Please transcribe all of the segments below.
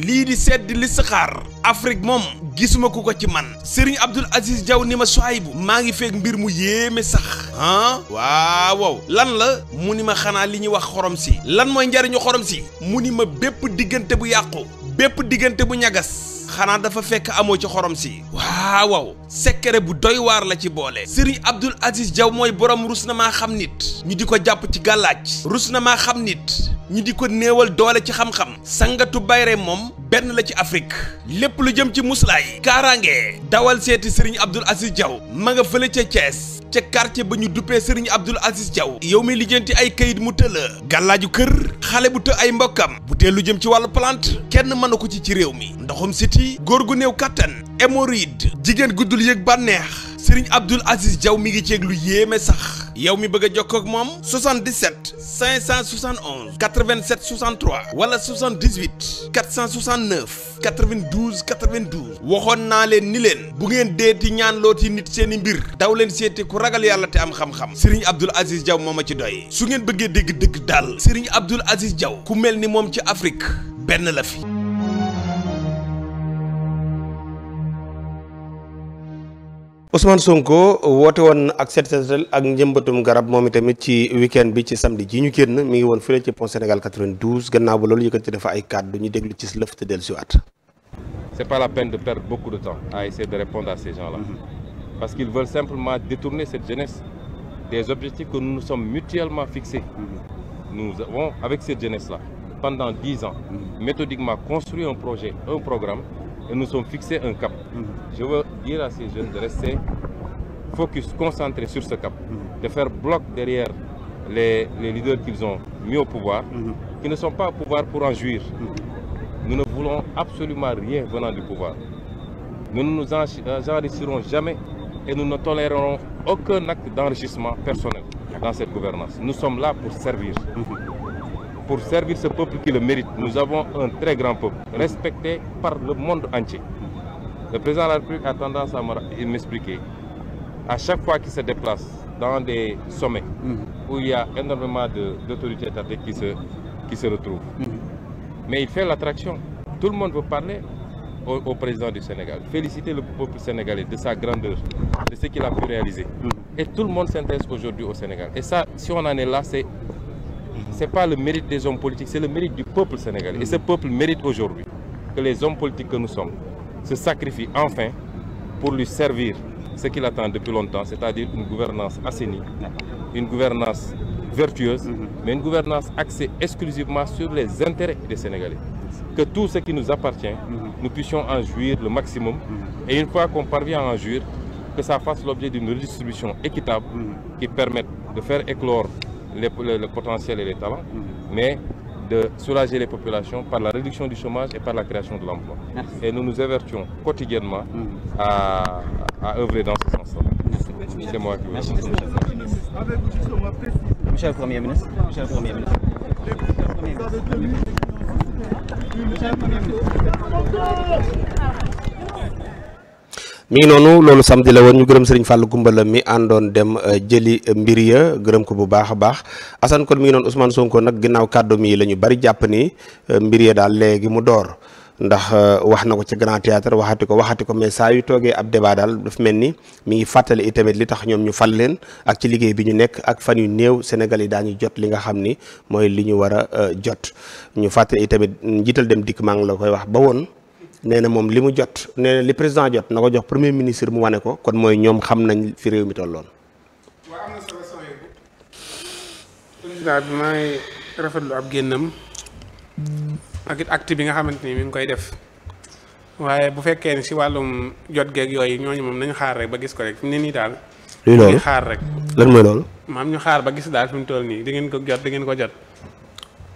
lii di sedd li saxaar Afrique moom gisuma ku ko ci man Serigne Abdoul Aziz Diaw ni ma bu maa ngi feeg mbir mu yéeme sax ah waaw lan la mu ni ma xanaa li ñuy wax xorom si lan mooy njariñu xorom si mu ni ma bépp diggante bu yàqu bépp diggante bu ñagas xanaa dafa fekk amoo ci xorom si waaw secret bu doy waar la ci boole Serigne Abdoul Aziz Diaw mooy borom rus na maa xam nit ñu di ko jàpp ci gàllaaj rus na maa xam nit ñu di ko néewal doole ci xam-xam sangatu bayre moom benn la ci Afrique lépp lu jëm ci muslaay kaaraange dawal seeti Serigne Abdoul Aziz Diaw ma nga fële ca Thiès ca quartier ba ñu duppee Serigne Abdoul Aziz Diaw yow mi lijjanti ay kayit mu tëla gàllaaju kër xale bu të ay mbokkam bu lu jëm ci wàllu plante kenn mënu ko ci ci réew mi ndoxum góor gu néew kattan hémorroïde jigéen guddul yëg bànneex Serigne Abdoul Aziz Diaw mi ngi ceeg lu yéeme sax yow mi bëgg a jokkoo ak moom 77 571 87 63 wala 78 469 92 92 waxoon naa leen ni leen bu ngeen deeti ñaan yi nit seeni mbir daw leen seeti ku ragal yàlla te am xam-xam Serigne Abdoul Aziz jaw moom ma ci doy su ngeen bëggee dégg dëgg daal Serigne Abdoul Aziz Diaw ku mel ni moom ci Afrique benn la fi. Ousmane Sonko woote woon ak set setal ak njëmbatum garab moom itamit ci weekend bi ci samedi ji ñu génn mi ngi woon fële ci pont Sénégal 92 gannaaw ba loolu yëkkati dafa ay kàddu ñu déglu ci lëf te dellusiwaat. c'est pas la peine de perdre beaucoup de temps à essayer de répondre à ces gens-là. Mmh. parce qu'ils veulent simplement détourner cette jeunesse des objectifs que nous nous sommes mutuellement fixés. Mmh. avons avec cette jeunesse-là pendant ans. Mm-hmm. méthodiquement projet un programme. et nous sommes fixés un cap. Mhm. Je veux dire à ces jeunes de rester focus, concentrés sur ce cap, mhm. de faire bloc derrière les, les leaders qu'ils ont mis au pouvoir, mhm. qui ne sont pas au pouvoir pour en jouir. Nous ne voulons absolument rien venant du pouvoir. Nous nous euh, enrichirons jamais et nous ne tolérerons aucun acte d'enrichissement personnel dans cette gouvernance. Nous sommes là pour servir. pour servir ce peuple qui le mérite. Nous avons un très grand peuple, respecté par le monde entier. Le président de la République a tendance à m'expliquer. À chaque fois qu'il se déplace dans des sommets mmh. où il y a énormément d'autorités étatiques qui se, qui se retrouvent, mmh. mais il fait l'attraction. Tout le monde veut parler au, au, président du Sénégal, féliciter le peuple sénégalais de sa grandeur, de ce qu'il a pu réaliser. Mmh. Et tout le monde s'intéresse aujourd'hui au Sénégal. Et ça, si on en est là, c'est c'est pas le mérite des hommes politiques, c'est le mérite du peuple sénégalais. Et ce peuple mérite aujourd'hui que les hommes politiques que nous sommes se sacrifient enfin pour lui servir ce qu'il attend depuis longtemps, c'est-à-dire une gouvernance assainie, une gouvernance vertueuse, mm-hmm. mais une gouvernance axée exclusivement sur les intérêts des Sénégalais. Que tout ce qui nous appartient, mm-hmm. nous puissions en jouir le maximum. Mm-hmm. Et une fois qu'on parvient à en jouir, que ça fasse l'objet d'une redistribution équitable qui permette de les, le, le, potentiel et les talents, mhm. mais de soulager les populations par la réduction du chômage et par la création de l'emploi. Et nous nous avertions quotidiennement mhm. à, œuvrer dans ce sens-là. Monsieur le Premier ministre. mi ngi noonu loolu samedi la woon ñu gërëm sëriñ Fallou Gumbala mi àndoon dem euh, jëli euh, mbir ya gërëm ko bu baax a baax Assane kon mi ngi noonu Ousmane Sonko nag ginnaaw kàddu mi la ñu bari jàpp ni euh, mbir ya daal léegi mu door ndax wax na ko ci Grand Théâtre waxati ko waxati ko mais saa yu toogee ab débat daal daf mel ni mi ngi fàttali itamit li tax ñoom ñu fal leen ak ci liggéey bi ñu nekk ak fan yu néew Sénégal yi daañu jot li nga xam ni mooy li ñu war a jot ñu fàttali itamit njiital dem dikk maa ngi la koy wax ba nee na moom li mu jot nee li président jot na ko jox premier ministre mu wane ko kon mooy ñoom xam nañ fi réew mi tolloon. waaw bi may rafetlu ab génnam ak it bi nga xamante ni mi ngi koy def waaye bu fekkee ni si wàllum jot geeg yooyu ñooñu moom nañu xaar rek ba gis ko rek fi mu ne nii daal. luy loolu xaar rek. lan mooy loolu. maam ñu xaar ba gis daal fi mu toll nii di ngeen ko jot di ngeen ko jot.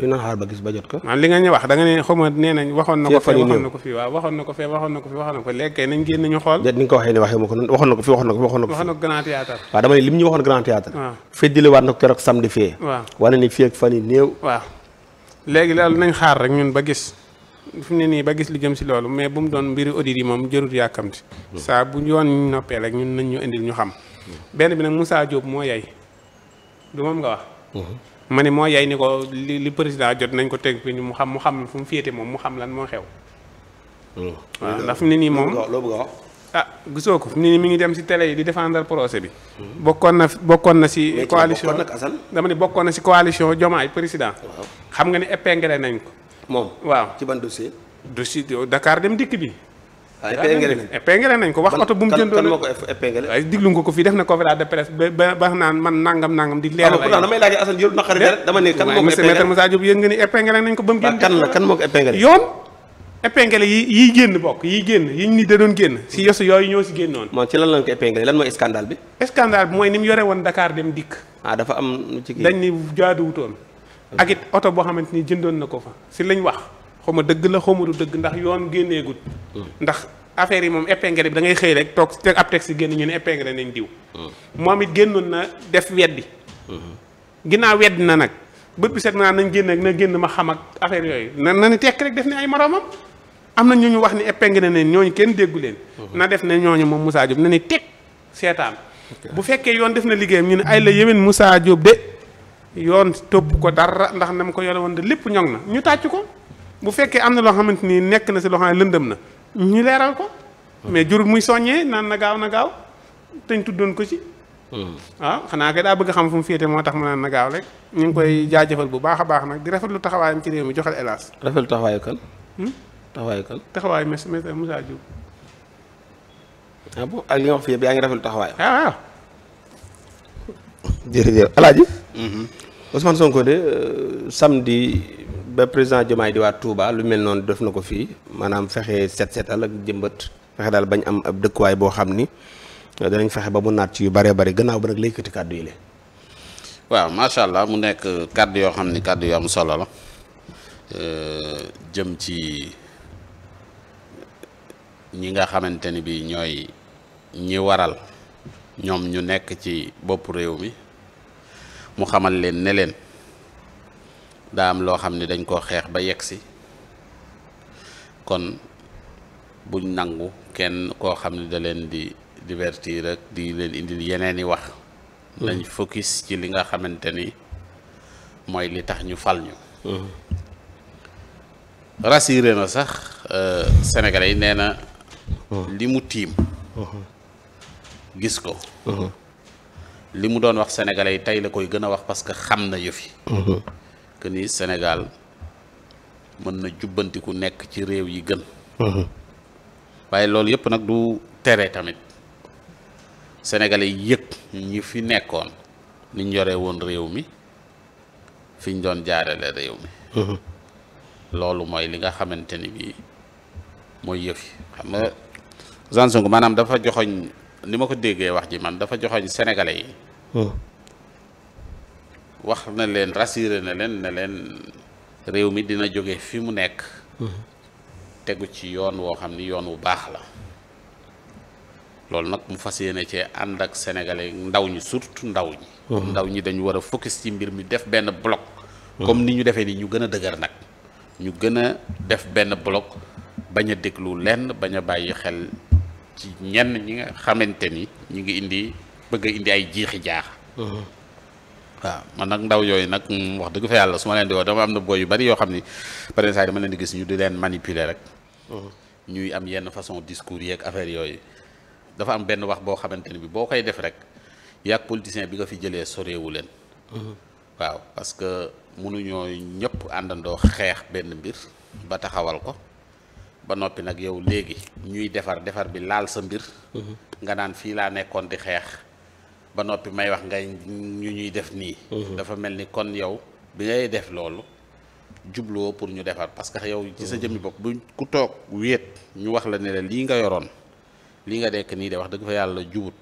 dina xaar ba gis ba jot ko. li nga ñu wax da nga ne xaw ma nee nañ waxoon na ko fee waxoon na ko fii waaw waxoon na ko fee waxoon na ko fii waxoon na ko léegi kay nañ génn ñu xool ni nga ko waxee ne waxee ma ko waxoon na ko fii waxoon na ko waxoon na ko waxoon na ko grand théâtre waaw dama ne lim ñu waxoon grand théâtre waaw feddili waat na ko keroog samedi fee waaw wane ni fii ak fan yi néew waaw léegi loolu nañ xaar rek ñun ba gis fi mu ne nii ba gis li jëm si loolu mais bu mu doon mbiri audit yi moom jërut yàkkamti saa bu yoon ñu noppee rek ñun nañ ñu indil ñu xam benn bi nag Moussa Diop moo yay du moom nga wax ma ne moo yay ni ko li li président jot nañ ko teg fi mu xam mu xam fu mu féete moom mu xam lan moo xew. Hmm. ndax fu mu ne nii moom ah gisoo ko fi mu ne nii mi ngi dem si télé yi di défendre procès bi. Hmm. bokkoon na bokkoon na si. coalition dama ne bokkoon na si coalition Diomaye président. xam nga ne épinglé nañ ko. moom waaw ci ban dossier. dossier Dakar dem dikk bi. ah épinglé nañ épinglé nañ ko wax oto bu mu jëndoon kan moo ko épinglé waaye diglu nga ko fii def na conférence de damay ne kan moo ko épinglé yoon épinglé yi yiy génn bokk yiy génn yi ni da doon génn si yosu yooyu ñoo si génnoon moom ci lan lañ ko épinglé lan mooy scandale bi scandale bi mooy ni mu yore woon Dakar dem dikk ah dafa am dañ ni jaaduwutoon ak it oto boo xamante ni jëndoon na ko fa si lañ wax xaw ma dëgg la xaw ma du dëgg ndax yoon génneegut hmm. ndax affaire yi moom épingle bi da ngay xëy rek toog teg ab si génn ñu ne épingle nañ diw hmm. moom it génnoon na def weddi hmm. ginnaaw weddi na nag bët bi set naa nañ génn ak na génn ma xam affaire yooyu na na ni tekk rek def ne ay moromam am na ñu ñu wax ni épingle na leen ñooñu kenn déggu leen na def ne ñooñu moom Moussa Diop na ni teg seetaan bu fekkee yoon def na liggéeyam ñu ne ay la yéwén Moussa Diop de yoon topp ko dara ndax na mu ko yore woon lépp ñoŋ na ñu tàcc ko bu fekkee am na loo xamante ni nekk na si loo xam ne lëndëm na ñu leeral ko mais jurul muy soññee naan na gaaw na gaaw teñ tuddoon ko ci waaw hmm. ah, xanaa kay daa bëgg xam fu mu féete moo tax mu naan na gaaw rek ñu ngi koy jaajëfal bu baax baax nag di rafet lu ci réew mi joxal hélas rafetlu taxawaayu kan hmm? taxawaayu kan taxawaayu mes mes Moussa Diouf ah bon ak li nga wax fi yëpp yaa ngi rafetlu taxawaayam ah, waaw jërëjëf alaaji mm-hmm. Ousmane Sonko de euh, samedi ba président Diomaye di waat Touba lu mel noonu def na ko fii maanaam fexe set setal ak jëmbat fexe daal bañ am ab dëkkuwaay boo xam ni euh, danañ fexe ba mu naat ci yu bëree bëri gannaaw ba nag léykati kàddu yi la waaw macha allah mu nekk kàddu yoo xam ni kàddu yu am solo la euh, jëm ci ñi nga xamante ni bi ñooy ñi waral ñoom ñu nekk ci boppu réew mi mu xamal leen ne leen daa am loo xam ne dañ koo xeex ba yegg si kon buñ nangu kenn koo xam ne da leen di divertir ak di leen indil yeneen i wax hmm. nañ focus ci li nga xamante ni mooy li tax ñu fal ñu hmm. rassuré na sax euh, sénégalais yi nee na hmm. li mu tiim gis ko li mu doon wax sénégalais yi tey la koy gën a wax parce que xam na yëf que ni senegal mën na jubbantiku nekk ci réew yi gën. Mhm. waaye loolu yëpp nag du tere tamit sénégalais yëg ñi fi nekkoon niñ yore woon réew mi fi ñu doon jaarale réew mi. Mhm. loolu mooy li nga xamante ni bii mooy yëf xam nga Ousmane maanaam dafa joxoñ ni ma ko déggee wax ji man dafa joxoñ sénégalais yi. Mhm. wax na leen rassuré na leen na leen réew mi dina jóge fi mu nekk mhm. tegu ci yoon woo xam ni yoon wu baax la loolu nag mu fas yéene cee ànd ak sénégalais ndaw ñi surtout ndaw ñi mhm. ndaw ñi dañu war a focus ci mbir mi def benn bloc mhm. comme ni ñu defee ni ñu gën a dëgër nag ñu gën a def benn bloc bañ a déglu lenn bañ a bàyyi xel ci ñenn ñi nga xamante ni ñu ngi indi bëgg indi ay jiixi jaax waaw man nag ndaw yooyu nag mm, wax dëgg fa yàlla su ma leen di woo dama am na booy yu bari yoo xam ni par exemple dama leen di gis ñu di leen manipuler rek. Mm-hmm. ñuy am yenn façon discours yeeg affaire yooyu dafa am benn wax boo xamante ni bi boo koy def rek yàgg politicien bi nga fi jëlee sorewu leen. Mm-hmm. waaw parce que mënuñoo ñëpp àndandoo xeex benn mbir ba taxawal ko. ba noppi nag yow léegi ñuy defar defar bi laal sa mbir. Mm-hmm. nga naan fii laa nekkoon di xeex. ba noppi may wax ngay ñu ñuy def nii. Mhm. dafa mel ni kon yow bi ngay def loolu jubloo pour ñu defar parce que yow. ci sa mhm. jëmmi bopp bu ku toog wéet ñu wax la ne la lii nga yoroon lii nga dekk nii de wax dëgg fa yàlla jubut.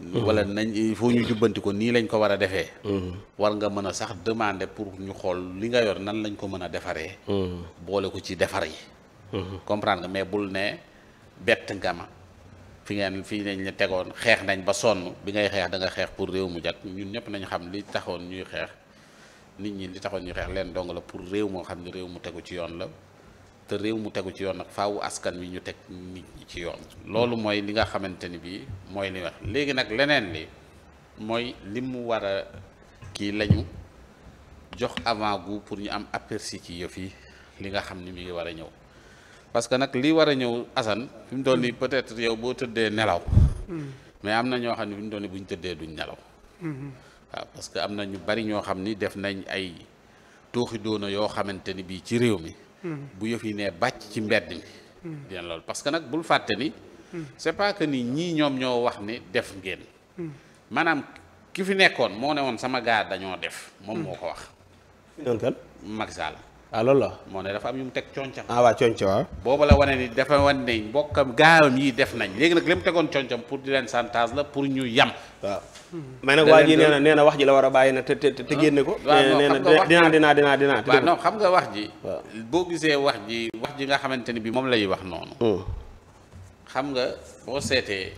Mhm. wala nañ il faut ñu jubbanti ko nii lañ ko war a defee. war nga mën a sax demander pour ñu xool li nga yor nan lañ ko mën a defaree. boole ko ci defar yi. comprendre nga mais bul ne bett nga ma. fi ngeen fii lañ la tegoon xeex nañ ba sonn bi ngay xeex danga xeex pour réew mu jag ñun ñëpp nañu xam li taxoon ñuy xeex nit ñi li taxoon ñuy xeex leen dong la pour réew moo xam ne réew mu tegu ci yoon la te réew mu tegu ci yoon nag faawu askan wi ñu teg nit ñi ci yoon loolu mooy li nga xamante ni bii mooy li wax léegi nag leneen li mooy li mu war a kii lañu jox avant goût pour ñu am aperçu ci yëf yi li nga xam ni mi ngi war a ñëw parce que nag li war a ñëw Assane fi mu toll nii peut-être yow boo tëddee nelaw. mais am na ñoo xam ne fi mu toll nii bu ñu tëddee duñ nelaw. waaw parce que am na ñu bari ñoo xam ni def nañ ay tooxi doona yoo xamante ni bii ci réew mi. bu yëf ne bàcc ci mbedd mi. dina loolu parce que nag bul fàtte ni. c'est que ni ñii ñoom ñoo wax ni def ngeen. maanaam ki fi nekkoon moo ne woon sama gaar dañoo def. moom moo ko wax. Macky la ah loolu la moo ne dafa am ñu mu teg concam ah waaw conca waaw boobu la wane ni dafa wane ne mbokkam gaawam yi def nañ léegi nag li mu tegoon concam pour di leen santage la pour ñu yam waaw hmm. mais nag waa ji nee na nee na wax ji la war a bàyyi na te te te hmm? génne ko nee na dinaa dinaa dinaa dinaa waaw non xam nga wax ji boo gisee wax ji wax ji nga xamante ni bi moom lay wax noonu hmm. xam nga boo seetee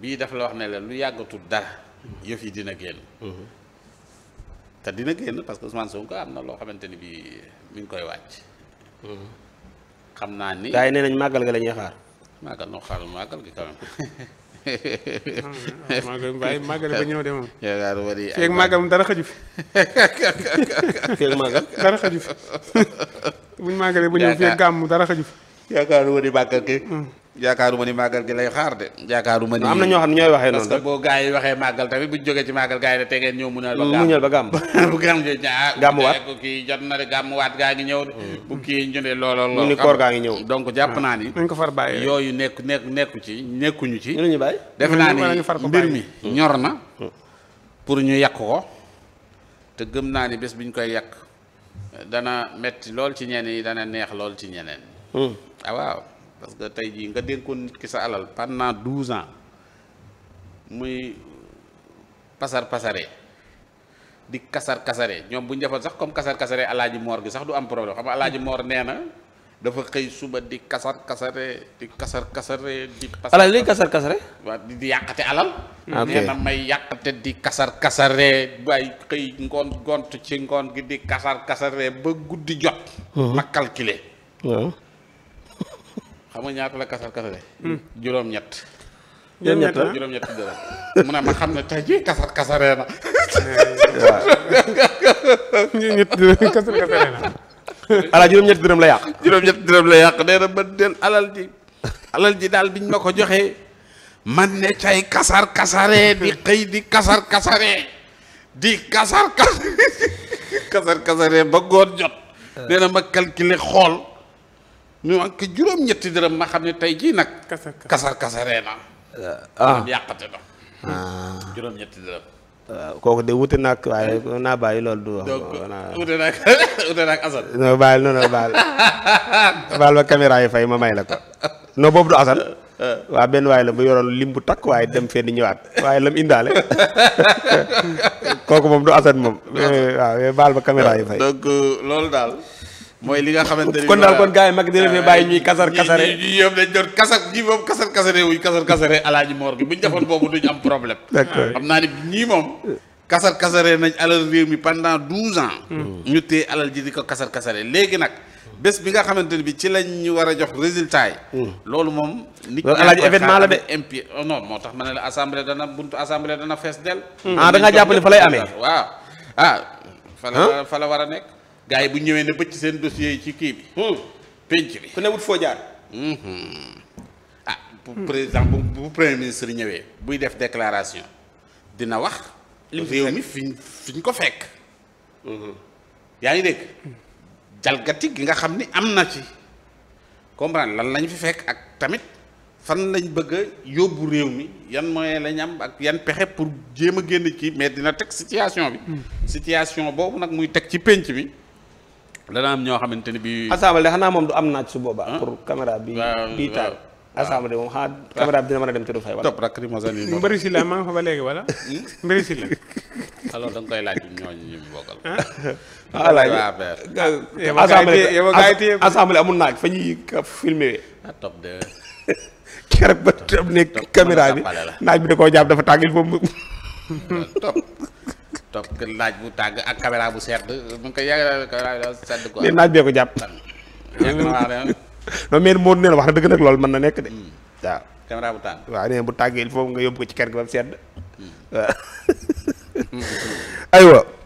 bii dafa la wax ne la lu yàggatul dara yëf yi dina génn te dina génn parce que Ousmane Sonko am na loo xamante ni bii mi ngi koy wàcc. Mm-hmm. xam naa ni. gars yi nee nañ màggal ga la xaar. màggal noo xaaral màggal gi quand même. Mm-hmm. ñëw de moom. yaakaar dara xaju fi. feeg màggal dara xaju fi buñ màggalee ba ñëw feeg gàmm dara xaju fi. yaakaar war yi màggal gi. Mm-hmm. yaakaaruma ni màggal gi lay xaar de yaakaaruma ni am na ñoo xam ne ñooy waxee noonu parce que boo gars yi waxee màggal tamit buñ jógee ci màggal gars yi da tegeen ñëw muñal ba muñal ba gàmm bu gàmm gi ah gàmmuwaat na de gàmmuwaat gaa ngi ñëw de mm. bu kii ñu looloo loolu ni koor gaa ngi ñëw donc jàpp ah. naa ni nañ ko far bàyyi yooyu nekk nekk nekku ci nekkuñu ci ñu bàyyi def naa ni mbir mi ñor na mm. pour ñu yàq ko te gëm naa ni bés bi ñu koy yàq dana metti lool ci ñenn yi dana neex lool ci ñeneen mm. ah waaw parce que tey jii nga dénkoon nit ki sa alal pendant douze an muy pasar pasare di kasar kasare ñoom bu ñu sax comme kasar kasare alaaji moor gi sax du am problème xam nga alaaji moor nee na dafa xëy suba di kasar kasare di kasar kasare di. alal li kasar kasare. di yàqate alal. Ah, nee na waaye xëy ngoon gont ci ngoon gi di kasar kasare ba guddi jot. Uh-huh. ma calculer. Uh-huh. xam nga ñaata la kasar kasare hmm. juróom-ñett. juróom-ñett dërëm mu ne xam ne tey jii kasar kasaree na. waaw ñett dërëm la yàq. juróom-ñett dërëm la yàq nee na ba alal ji alal ji daal biñ ma ko joxee man ne cay kasar kasaree di xëy di kasar kasaree di kasar kasar kasar kasaree ba góor jot. Eh. nee ma calculer xool. ñu ak xam ne tey jii nag. kasa kasa kasaree na. ah, ah. yàqate na. Ah. juróom-ñetti dërëm. waaw ah, kooku de la boobu du Assane. waaw benn waaye la bu yoroon lim bu takk waaye dem fenn ñëwaat waaye lam indaale kooku moom du Assane moom. Eh, eh, baal ba caméra fay. donc euh, loolu daal. mooy li nga xamante ni kon daal kon gaa yi mag dina fi bàyyi ñuy kasar ah, kasare ñi yëpp dañ doon kasar ñi moom kasar kasare wuñ kasar kasare alaaji moor gi buñ defoon boobu duñ am problème xam naa ni ñii moom kasar kasare nañ alal réew mi pendant douze ans hmm. ñu téye alal ji di ko kasar kasare léegi nag bés bi nga xamante ni bi ci lañ ñu war a jox résultat yi hmm. loolu moom nit alaaji événement la de impi oh non moo tax ma ne la assemblée dana buntu assemblée dana fees del hmm. ah da fa lay amee waaw ah fa la war a nekk gars yi bu ñëwee ne bëcc seen dossier yi ci kii bi. Hmm. penc bi ku ne wut foo jaar. Hmm. ah pour président bu premier ministre ñëwee buy def déclaration dina wax. li réew mi fi ñu ko fekk. yaa ngi dégg. jalgati gi nga xam ni am na ci. comprendre lan lañ fi fekk ak tamit fan lañ bëgg yóbbu réew mi yan moyen lañ am ak yan pexe pour jéem a génn ci mais dina teg situation bi. Hmm. situation boobu nag muy teg ci pénc bi. dana am ñoo xamante ni bii. assemblée xanaa moom du am naaj su boobaa. Ah. pour caméra bi bii taal. assemblée bi dina mën a dem te hmm? da nga laaj ñooñu ñu bokkal. Ah. Ah, amul naaj fa ñuy filmé. ah topp de. keroog ba nekk caméra bi naaj bi da koo jàpp dafa tàng il faut top topp laaj bu tàgg ak caméra bu sedd mu ko yàgg laa bi daal sedd quoi. laaj bee ko jàpp. non mais Modou nee wax na dëgg nag loolu mën na nekk de. Hmm. waaw caméra bu tàgg. waaw nee bu tàggee foofu nga yóbbu ko ci kër gi ba mu sedd. waaw. Hmm. Hmm. aywa